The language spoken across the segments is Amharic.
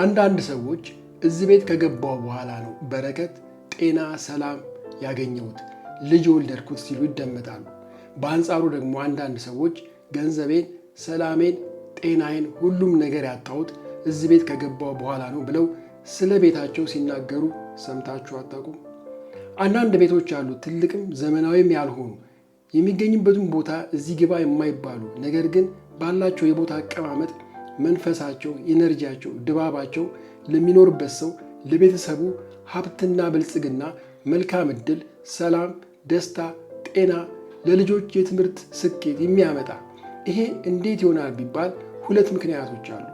አንዳንድ ሰዎች እዚህ ቤት ከገባው በኋላ ነው በረከት፣ ጤና፣ ሰላም ያገኘሁት ልጅ ወልደርኩት ሲሉ ይደመጣሉ። በአንጻሩ ደግሞ አንዳንድ ሰዎች ገንዘቤን፣ ሰላሜን፣ ጤናዬን፣ ሁሉም ነገር ያጣሁት እዚህ ቤት ከገባው በኋላ ነው ብለው ስለ ቤታቸው ሲናገሩ ሰምታችሁ አታውቁም? አንዳንድ ቤቶች አሉ ትልቅም ዘመናዊም ያልሆኑ የሚገኝበትን ቦታ እዚህ ግባ የማይባሉ ነገር ግን ባላቸው የቦታ አቀማመጥ መንፈሳቸው፣ ኢነርጂያቸው፣ ድባባቸው ለሚኖርበት ሰው ለቤተሰቡ ሀብትና ብልጽግና፣ መልካም ዕድል፣ ሰላም፣ ደስታ፣ ጤና፣ ለልጆች የትምህርት ስኬት የሚያመጣ ይሄ እንዴት ይሆናል ቢባል ሁለት ምክንያቶች አሉ።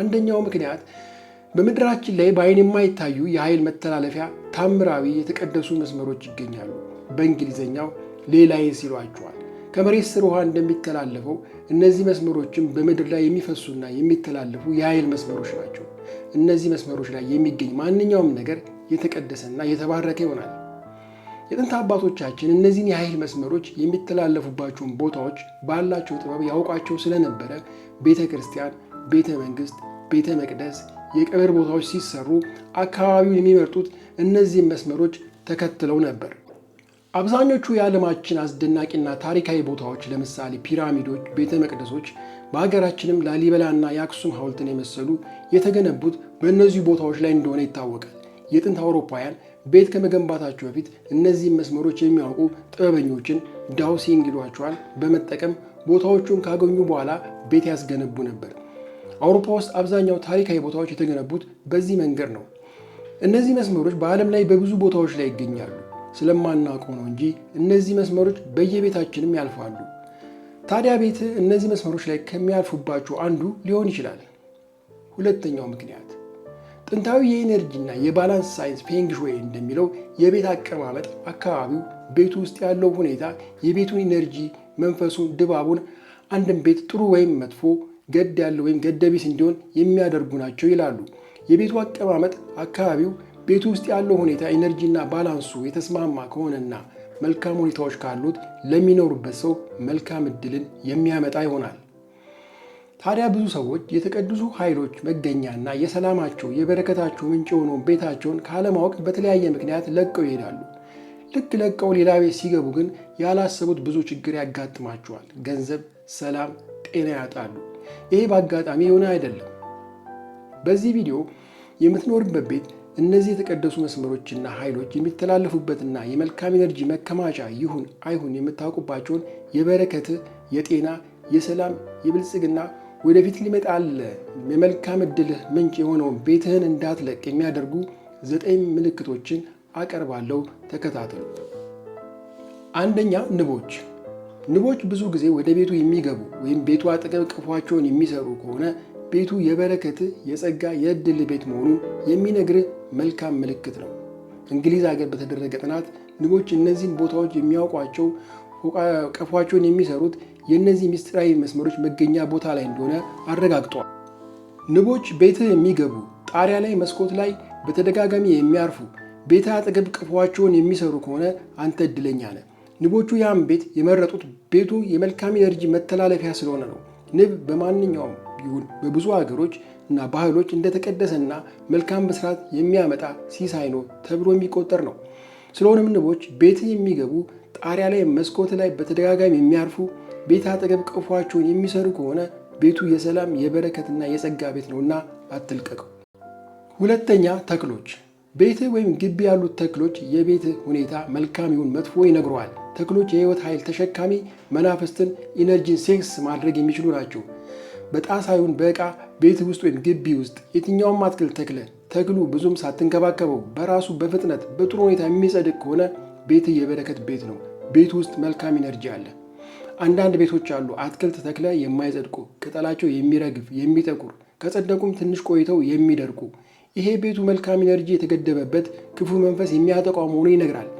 አንደኛው ምክንያት በምድራችን ላይ በአይን የማይታዩ የኃይል መተላለፊያ ታምራዊ የተቀደሱ መስመሮች ይገኛሉ። በእንግሊዝኛው ሌላይን ሲሏቸዋል። ከመሬት ስር ውሃ እንደሚተላለፈው እነዚህ መስመሮችም በምድር ላይ የሚፈሱና የሚተላለፉ የኃይል መስመሮች ናቸው። እነዚህ መስመሮች ላይ የሚገኝ ማንኛውም ነገር የተቀደሰና የተባረከ ይሆናል። የጥንት አባቶቻችን እነዚህን የኃይል መስመሮች የሚተላለፉባቸውን ቦታዎች ባላቸው ጥበብ ያውቋቸው ስለነበረ ቤተ ክርስቲያን፣ ቤተ መንግስት፣ ቤተ መቅደስ፣ የቀብር ቦታዎች ሲሰሩ አካባቢውን የሚመርጡት እነዚህን መስመሮች ተከትለው ነበር። አብዛኞቹ የዓለማችን አስደናቂና ታሪካዊ ቦታዎች ለምሳሌ ፒራሚዶች፣ ቤተ መቅደሶች በሀገራችንም ላሊበላና የአክሱም ሐውልትን የመሰሉ የተገነቡት በእነዚህ ቦታዎች ላይ እንደሆነ ይታወቃል። የጥንት አውሮፓውያን ቤት ከመገንባታቸው በፊት እነዚህን መስመሮች የሚያውቁ ጥበበኞችን ዳውሲንግ ይሏቸዋል በመጠቀም ቦታዎቹን ካገኙ በኋላ ቤት ያስገነቡ ነበር። አውሮፓ ውስጥ አብዛኛው ታሪካዊ ቦታዎች የተገነቡት በዚህ መንገድ ነው። እነዚህ መስመሮች በዓለም ላይ በብዙ ቦታዎች ላይ ይገኛሉ። ስለማናውቀው ነው እንጂ እነዚህ መስመሮች በየቤታችንም ያልፋሉ። ታዲያ ቤት እነዚህ መስመሮች ላይ ከሚያልፉባቸው አንዱ ሊሆን ይችላል። ሁለተኛው ምክንያት ጥንታዊ የኢነርጂና የባላንስ ሳይንስ ፌንግሾይ እንደሚለው የቤት አቀማመጥ አካባቢው፣ ቤቱ ውስጥ ያለው ሁኔታ የቤቱን ኢነርጂ፣ መንፈሱን፣ ድባቡን አንድን ቤት ጥሩ ወይም መጥፎ ገድ ያለው ወይም ገደቢስ እንዲሆን የሚያደርጉ ናቸው ይላሉ። የቤቱ አቀማመጥ አካባቢው ቤቱ ውስጥ ያለው ሁኔታ ኢነርጂና ባላንሱ የተስማማ ከሆነና መልካም ሁኔታዎች ካሉት ለሚኖሩበት ሰው መልካም እድልን የሚያመጣ ይሆናል። ታዲያ ብዙ ሰዎች የተቀደሱ ኃይሎች መገኛና የሰላማቸው የበረከታቸው ምንጭ የሆነውን ቤታቸውን ካለማወቅ በተለያየ ምክንያት ለቀው ይሄዳሉ። ልክ ለቀው ሌላ ቤት ሲገቡ ግን ያላሰቡት ብዙ ችግር ያጋጥማቸዋል። ገንዘብ፣ ሰላም፣ ጤና ያጣሉ። ይሄ በአጋጣሚ የሆነ አይደለም። በዚህ ቪዲዮ የምትኖርበት ቤት እነዚህ የተቀደሱ መስመሮችና ኃይሎች የሚተላለፉበትና የመልካም ኤነርጂ መከማቻ ይሁን አይሁን የምታውቁባቸውን የበረከት፣ የጤና፣ የሰላም፣ የብልጽግና ወደፊት ሊመጣል የመልካም እድልህ ምንጭ የሆነውን ቤትህን እንዳትለቅ የሚያደርጉ ዘጠኝ ምልክቶችን አቀርባለሁ። ተከታተሉ። አንደኛ፣ ንቦች። ንቦች ብዙ ጊዜ ወደ ቤቱ የሚገቡ ወይም ቤቱ አጠገብ ቅፏቸውን የሚሰሩ ከሆነ ቤቱ የበረከት የጸጋ፣ የእድል ቤት መሆኑን የሚነግርህ መልካም ምልክት ነው። እንግሊዝ ሀገር በተደረገ ጥናት ንቦች እነዚህን ቦታዎች የሚያውቋቸው ቀፏቸውን የሚሰሩት የእነዚህ ምስጢራዊ መስመሮች መገኛ ቦታ ላይ እንደሆነ አረጋግጧል። ንቦች ቤትህ የሚገቡ ጣሪያ ላይ፣ መስኮት ላይ በተደጋጋሚ የሚያርፉ ቤትህ አጠገብ ቀፏቸውን የሚሰሩ ከሆነ አንተ እድለኛ ነህ። ንቦቹ ያም ቤት የመረጡት ቤቱ የመልካም ኤነርጂ መተላለፊያ ስለሆነ ነው። ንብ በማንኛውም ቢሆን በብዙ ሀገሮች እና ባህሎች እንደተቀደሰና መልካም መስራት የሚያመጣ ሲሳይ ነው ተብሎ የሚቆጠር ነው። ስለሆነም ንቦች ቤትን የሚገቡ ጣሪያ ላይ፣ መስኮት ላይ በተደጋጋሚ የሚያርፉ ቤት አጠገብ ቀፏቸውን የሚሰሩ ከሆነ ቤቱ የሰላም የበረከትና የጸጋ ቤት ነውና አትልቀቀው። ሁለተኛ ተክሎች ቤትህ ወይም ግቢ ያሉት ተክሎች የቤትህ ሁኔታ መልካም ይሁን መጥፎ ይነግረዋል። ተክሎች የህይወት ኃይል ተሸካሚ መናፍስትን ኢነርጂን ሴክስ ማድረግ የሚችሉ ናቸው። በጣ ሳይሆን በእቃ ቤት ውስጥ ወይም ግቢ ውስጥ የትኛውም አትክልት ተክለ ተክሉ ብዙም ሳትንከባከበው በራሱ በፍጥነት በጥሩ ሁኔታ የሚጸድቅ ከሆነ ቤት የበረከት ቤት ነው። ቤት ውስጥ መልካም ኢነርጂ አለ። አንዳንድ ቤቶች አሉ አትክልት ተክለ የማይጸድቁ ቅጠላቸው የሚረግፍ የሚጠቁር፣ ከጸደቁም ትንሽ ቆይተው የሚደርቁ። ይሄ ቤቱ መልካም ኢነርጂ የተገደበበት ክፉ መንፈስ የሚያጠቋ መሆኑ ይነግራል።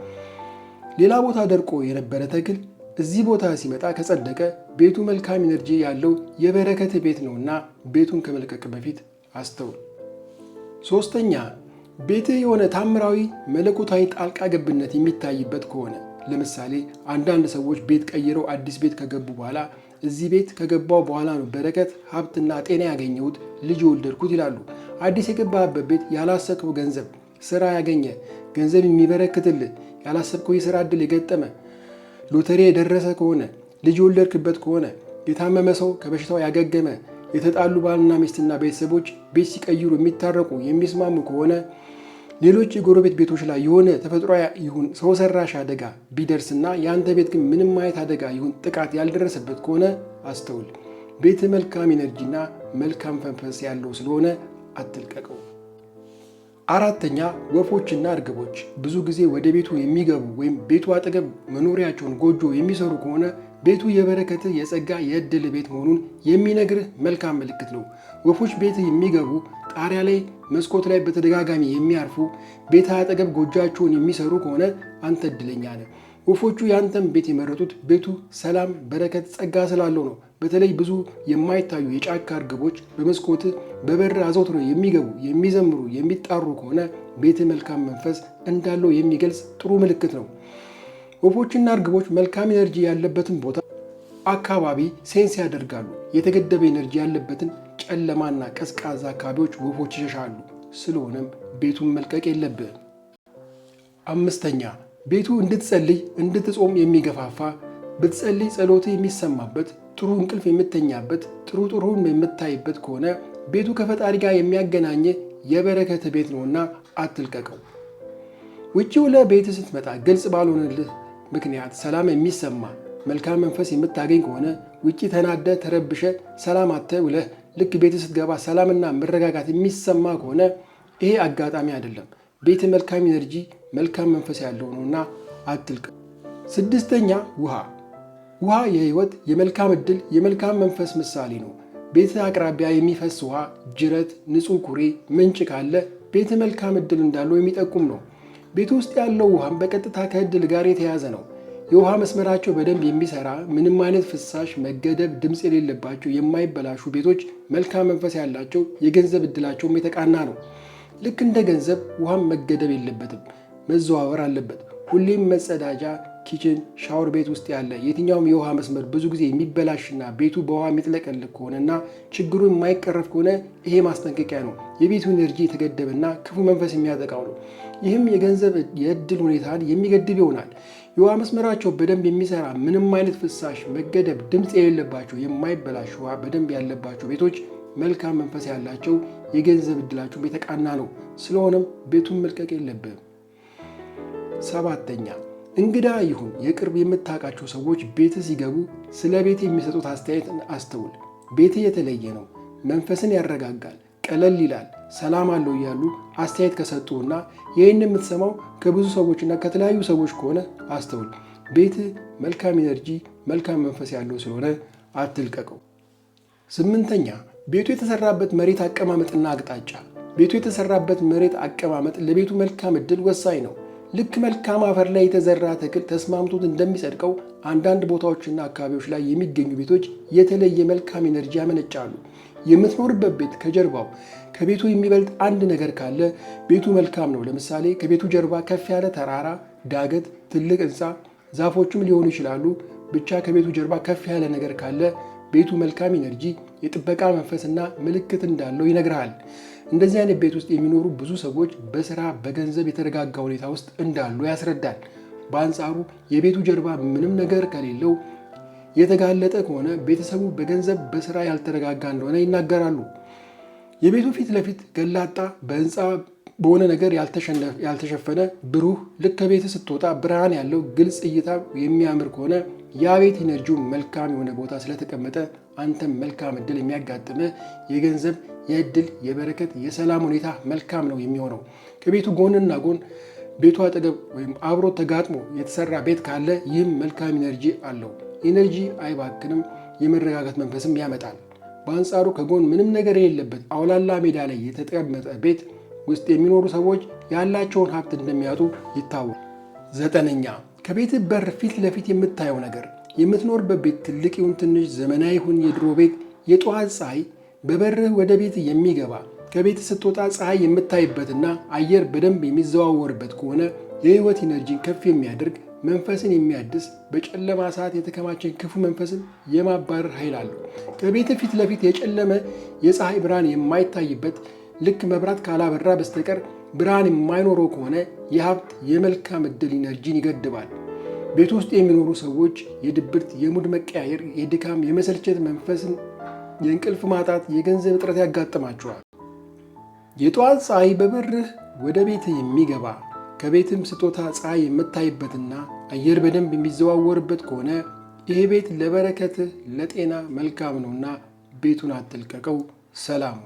ሌላ ቦታ ደርቆ የነበረ ተክል እዚህ ቦታ ሲመጣ ከጸደቀ ቤቱ መልካም ኢነርጂ ያለው የበረከት ቤት ነውና ቤቱን ከመልቀቅ በፊት አስተውል። ሶስተኛ ቤትህ የሆነ ታምራዊ መለኮታዊ ጣልቃ ገብነት የሚታይበት ከሆነ ለምሳሌ አንዳንድ ሰዎች ቤት ቀይረው አዲስ ቤት ከገቡ በኋላ እዚህ ቤት ከገባው በኋላ ነው በረከት፣ ሀብትና ጤና ያገኘሁት፣ ልጅ የወለድኩት ይላሉ። አዲስ የገባህበት ቤት ያላሰብከው ገንዘብ፣ ስራ ያገኘ ገንዘብ የሚበረክትልህ፣ ያላሰብከው የስራ ዕድል የገጠመ ሎተሪ የደረሰ ከሆነ ልጅ የወለድክበት ከሆነ የታመመ ሰው ከበሽታው ያገገመ የተጣሉ ባልና ሚስትና ቤተሰቦች ቤት ሲቀይሩ የሚታረቁ የሚስማሙ ከሆነ ሌሎች የጎረቤት ቤቶች ላይ የሆነ ተፈጥሮ ይሁን ሰው ሰራሽ አደጋ ቢደርስና የአንተ ቤት ግን ምንም አይነት አደጋ ይሁን ጥቃት ያልደረሰበት ከሆነ አስተውል። ቤት መልካም ኢነርጂና መልካም መንፈስ ያለው ስለሆነ አትልቀቀው። አራተኛ ወፎችና እርግቦች ብዙ ጊዜ ወደ ቤቱ የሚገቡ ወይም ቤቱ አጠገብ መኖሪያቸውን ጎጆ የሚሰሩ ከሆነ ቤቱ የበረከት የጸጋ የእድል ቤት መሆኑን የሚነግርህ መልካም ምልክት ነው። ወፎች ቤት የሚገቡ ጣሪያ ላይ፣ መስኮት ላይ በተደጋጋሚ የሚያርፉ ቤት አጠገብ ጎጆአቸውን የሚሰሩ ከሆነ አንተ እድለኛ ነህ። ወፎቹ ያንተን ቤት የመረጡት ቤቱ ሰላም፣ በረከት፣ ጸጋ ስላለው ነው። በተለይ ብዙ የማይታዩ የጫካ እርግቦች በመስኮት በበር አዘውትረው የሚገቡ የሚዘምሩ፣ የሚጣሩ ከሆነ ቤት መልካም መንፈስ እንዳለው የሚገልጽ ጥሩ ምልክት ነው። ወፎችና እርግቦች መልካም ኤነርጂ ያለበትን ቦታ አካባቢ ሴንስ ያደርጋሉ። የተገደበ ኤነርጂ ያለበትን ጨለማና ቀዝቃዛ አካባቢዎች ወፎች ይሸሻሉ። ስለሆነም ቤቱን መልቀቅ የለብህም። አምስተኛ ቤቱ እንድትጸልይ እንድትጾም የሚገፋፋ ብትጸልይ ጸሎት የሚሰማበት ጥሩ እንቅልፍ የምተኛበት ጥሩ ጥሩን የምታይበት ከሆነ ቤቱ ከፈጣሪ ጋር የሚያገናኝ የበረከት ቤት ነውና አትልቀቀው። ውጭው ለቤት ስትመጣ ግልጽ ባልሆነልህ ምክንያት ሰላም የሚሰማ መልካም መንፈስ የምታገኝ ከሆነ ውጭ ተናደ ተረብሸ ሰላም አተ ውለህ ልክ ቤት ስትገባ ሰላምና መረጋጋት የሚሰማ ከሆነ ይሄ አጋጣሚ አይደለም። ቤተ መልካም ኢነርጂ መልካም መንፈስ ያለው ነውና አትልቅ። ስድስተኛ ውሃ። ውሃ የህይወት የመልካም ዕድል የመልካም መንፈስ ምሳሌ ነው። ቤተ አቅራቢያ የሚፈስ ውሃ፣ ጅረት፣ ንጹህ ኩሬ፣ ምንጭ ካለ ቤተ መልካም ዕድል እንዳለው የሚጠቁም ነው። ቤት ውስጥ ያለው ውሃም በቀጥታ ከዕድል ጋር የተያዘ ነው። የውሃ መስመራቸው በደንብ የሚሰራ ምንም አይነት ፍሳሽ፣ መገደብ፣ ድምፅ የሌለባቸው የማይበላሹ ቤቶች መልካም መንፈስ ያላቸው፣ የገንዘብ ዕድላቸውም የተቃና ነው። ልክ እንደ ገንዘብ ውሃም መገደብ የለበትም፣ መዘዋወር አለበት። ሁሌም መጸዳጃ፣ ኪችን፣ ሻወር ቤት ውስጥ ያለ የትኛውም የውሃ መስመር ብዙ ጊዜ የሚበላሽና ቤቱ በውሃ የሚጥለቀልቅ ከሆነና ችግሩ የማይቀረፍ ከሆነ ይሄ ማስጠንቀቂያ ነው። የቤቱ ኤነርጂ የተገደበና ክፉ መንፈስ የሚያጠቃው ነው። ይህም የገንዘብ የእድል ሁኔታን የሚገድብ ይሆናል። የውሃ መስመራቸው በደንብ የሚሰራ ምንም አይነት ፍሳሽ መገደብ፣ ድምፅ የሌለባቸው የማይበላሽ ውሃ በደንብ ያለባቸው ቤቶች መልካም መንፈስ ያላቸው የገንዘብ እድላችሁም የተቃና ነው። ስለሆነም ቤቱን መልቀቅ የለብህም። ሰባተኛ እንግዳ ይሁን የቅርብ የምታውቃቸው ሰዎች ቤት ሲገቡ ስለ ቤት የሚሰጡት አስተያየት አስተውል። ቤት የተለየ ነው፣ መንፈስን ያረጋጋል፣ ቀለል ይላል፣ ሰላም አለው እያሉ አስተያየት ከሰጡና ይህን የምትሰማው ከብዙ ሰዎችና ከተለያዩ ሰዎች ከሆነ አስተውል። ቤት መልካም ኢነርጂ፣ መልካም መንፈስ ያለው ስለሆነ አትልቀቀው። ስምንተኛ ቤቱ የተሰራበት መሬት አቀማመጥና አቅጣጫ ቤቱ የተሰራበት መሬት አቀማመጥ ለቤቱ መልካም እድል ወሳኝ ነው። ልክ መልካም አፈር ላይ የተዘራ ተክል ተስማምቶት እንደሚጸድቀው አንዳንድ ቦታዎችና አካባቢዎች ላይ የሚገኙ ቤቶች የተለየ መልካም ኤነርጂ ያመነጫሉ። የምትኖርበት ቤት ከጀርባው ከቤቱ የሚበልጥ አንድ ነገር ካለ ቤቱ መልካም ነው። ለምሳሌ ከቤቱ ጀርባ ከፍ ያለ ተራራ፣ ዳገት፣ ትልቅ ህንፃ ዛፎችም ሊሆኑ ይችላሉ። ብቻ ከቤቱ ጀርባ ከፍ ያለ ነገር ካለ ቤቱ መልካም ኢነርጂ፣ የጥበቃ መንፈስና ምልክት እንዳለው ይነግርሃል። እንደዚህ አይነት ቤት ውስጥ የሚኖሩ ብዙ ሰዎች በስራ በገንዘብ የተረጋጋ ሁኔታ ውስጥ እንዳሉ ያስረዳል። በአንጻሩ የቤቱ ጀርባ ምንም ነገር ከሌለው የተጋለጠ ከሆነ ቤተሰቡ በገንዘብ በስራ ያልተረጋጋ እንደሆነ ይናገራሉ። የቤቱ ፊት ለፊት ገላጣ በህንፃ በሆነ ነገር ያልተሸፈነ ብሩህ ልክ ከቤት ስትወጣ ብርሃን ያለው ግልጽ እይታ የሚያምር ከሆነ ያ ቤት ኢነርጂው መልካም የሆነ ቦታ ስለተቀመጠ አንተም መልካም እድል የሚያጋጥመ የገንዘብ፣ የእድል፣ የበረከት፣ የሰላም ሁኔታ መልካም ነው የሚሆነው። ከቤቱ ጎንና ጎን ቤቱ አጠገብ ወይም አብሮ ተጋጥሞ የተሰራ ቤት ካለ ይህም መልካም ኢነርጂ አለው። ኢነርጂ አይባክንም፣ የመረጋጋት መንፈስም ያመጣል። በአንጻሩ ከጎን ምንም ነገር የሌለበት አውላላ ሜዳ ላይ የተቀመጠ ቤት ውስጥ የሚኖሩ ሰዎች ያላቸውን ሀብት እንደሚያጡ ይታወቃል። ዘጠነኛ ከቤት በር ፊት ለፊት የምታየው ነገር የምትኖርበት ቤት ትልቅ ይሁን ትንሽ፣ ዘመናዊ ይሁን የድሮ ቤት የጠዋት ፀሐይ በበርህ ወደ ቤት የሚገባ ከቤት ስትወጣ ፀሐይ የምታይበትና አየር በደንብ የሚዘዋወርበት ከሆነ የህይወት ኢነርጂን ከፍ የሚያደርግ መንፈስን የሚያድስ በጨለማ ሰዓት የተከማቸን ክፉ መንፈስን የማባረር ኃይል አለው። ከቤት ፊት ለፊት የጨለመ የፀሐይ ብርሃን የማይታይበት ልክ መብራት ካላበራ በስተቀር ብርሃን የማይኖረው ከሆነ የሀብት የመልካም ዕድል ኢነርጂን ይገድባል። ቤት ውስጥ የሚኖሩ ሰዎች የድብርት፣ የሙድ መቀያየር፣ የድካም፣ የመሰልቸት መንፈስን፣ የእንቅልፍ ማጣት፣ የገንዘብ እጥረት ያጋጥማቸዋል። የጠዋት ፀሐይ በበርህ ወደ ቤት የሚገባ ከቤትም ስጦታ ፀሐይ የምታይበትና አየር በደንብ የሚዘዋወርበት ከሆነ ይህ ቤት ለበረከትህ ለጤና መልካም ነውና ቤቱን አትልቀቀው። ሰላሙ